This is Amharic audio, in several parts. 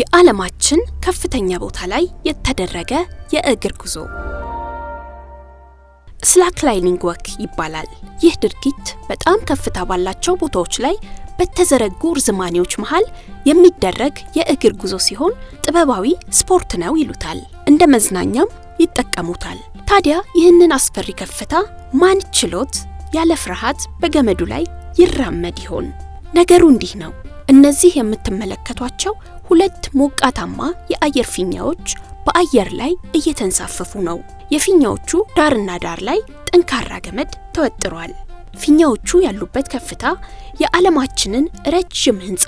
የዓለማችን ከፍተኛ ቦታ ላይ የተደረገ የእግር ጉዞ ስላክላይኒንግ ወክ ይባላል። ይህ ድርጊት በጣም ከፍታ ባላቸው ቦታዎች ላይ በተዘረጉ ርዝማኔዎች መሃል የሚደረግ የእግር ጉዞ ሲሆን ጥበባዊ ስፖርት ነው ይሉታል። እንደ መዝናኛም ይጠቀሙታል። ታዲያ ይህንን አስፈሪ ከፍታ ማን ችሎት ያለ ፍርሃት በገመዱ ላይ ይራመድ ይሆን? ነገሩ እንዲህ ነው። እነዚህ የምትመለከቷቸው ሁለት ሞቃታማ የአየር ፊኛዎች በአየር ላይ እየተንሳፈፉ ነው። የፊኛዎቹ ዳርና ዳር ላይ ጠንካራ ገመድ ተወጥሯል። ፊኛዎቹ ያሉበት ከፍታ የዓለማችንን ረጅም ህንፃ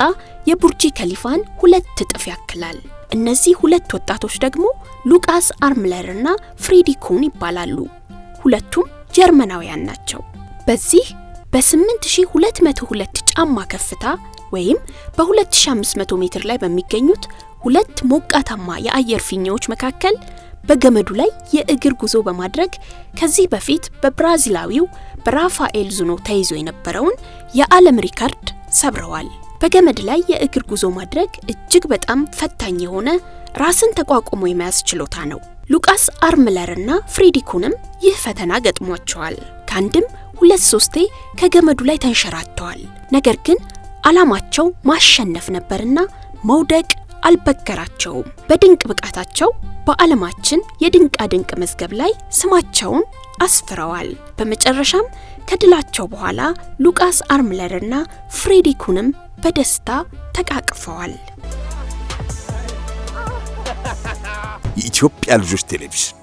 የቡርጂ ከሊፋን ሁለት እጥፍ ያክላል። እነዚህ ሁለት ወጣቶች ደግሞ ሉቃስ አርምለር እና ፍሬዲ ኩን ይባላሉ። ሁለቱም ጀርመናውያን ናቸው። በዚህ በ8202 ጫማ ከፍታ ወይም በ2500 ሜትር ላይ በሚገኙት ሁለት ሞቃታማ የአየር ፊኛዎች መካከል በገመዱ ላይ የእግር ጉዞ በማድረግ ከዚህ በፊት በብራዚላዊው በራፋኤል ዙኖ ተይዞ የነበረውን የዓለም ሪካርድ ሰብረዋል። በገመድ ላይ የእግር ጉዞ ማድረግ እጅግ በጣም ፈታኝ የሆነ ራስን ተቋቁሞ የመያዝ ችሎታ ነው። ሉቃስ አርምለር እና ፍሬዲኩንም ይህ ፈተና ገጥሟቸዋል። ከአንድም ሁለት ሶስቴ ከገመዱ ላይ ተንሸራተዋል። ነገር ግን ዓላማቸው ማሸነፍ ነበርና መውደቅ አልበገራቸውም። በድንቅ ብቃታቸው በዓለማችን የድንቃ ድንቅ መዝገብ ላይ ስማቸውን አስፍረዋል። በመጨረሻም ከድላቸው በኋላ ሉቃስ አርምለርና ፍሬዲ ኩንም በደስታ ተቃቅፈዋል። የኢትዮጵያ ልጆች ቴሌቪዥን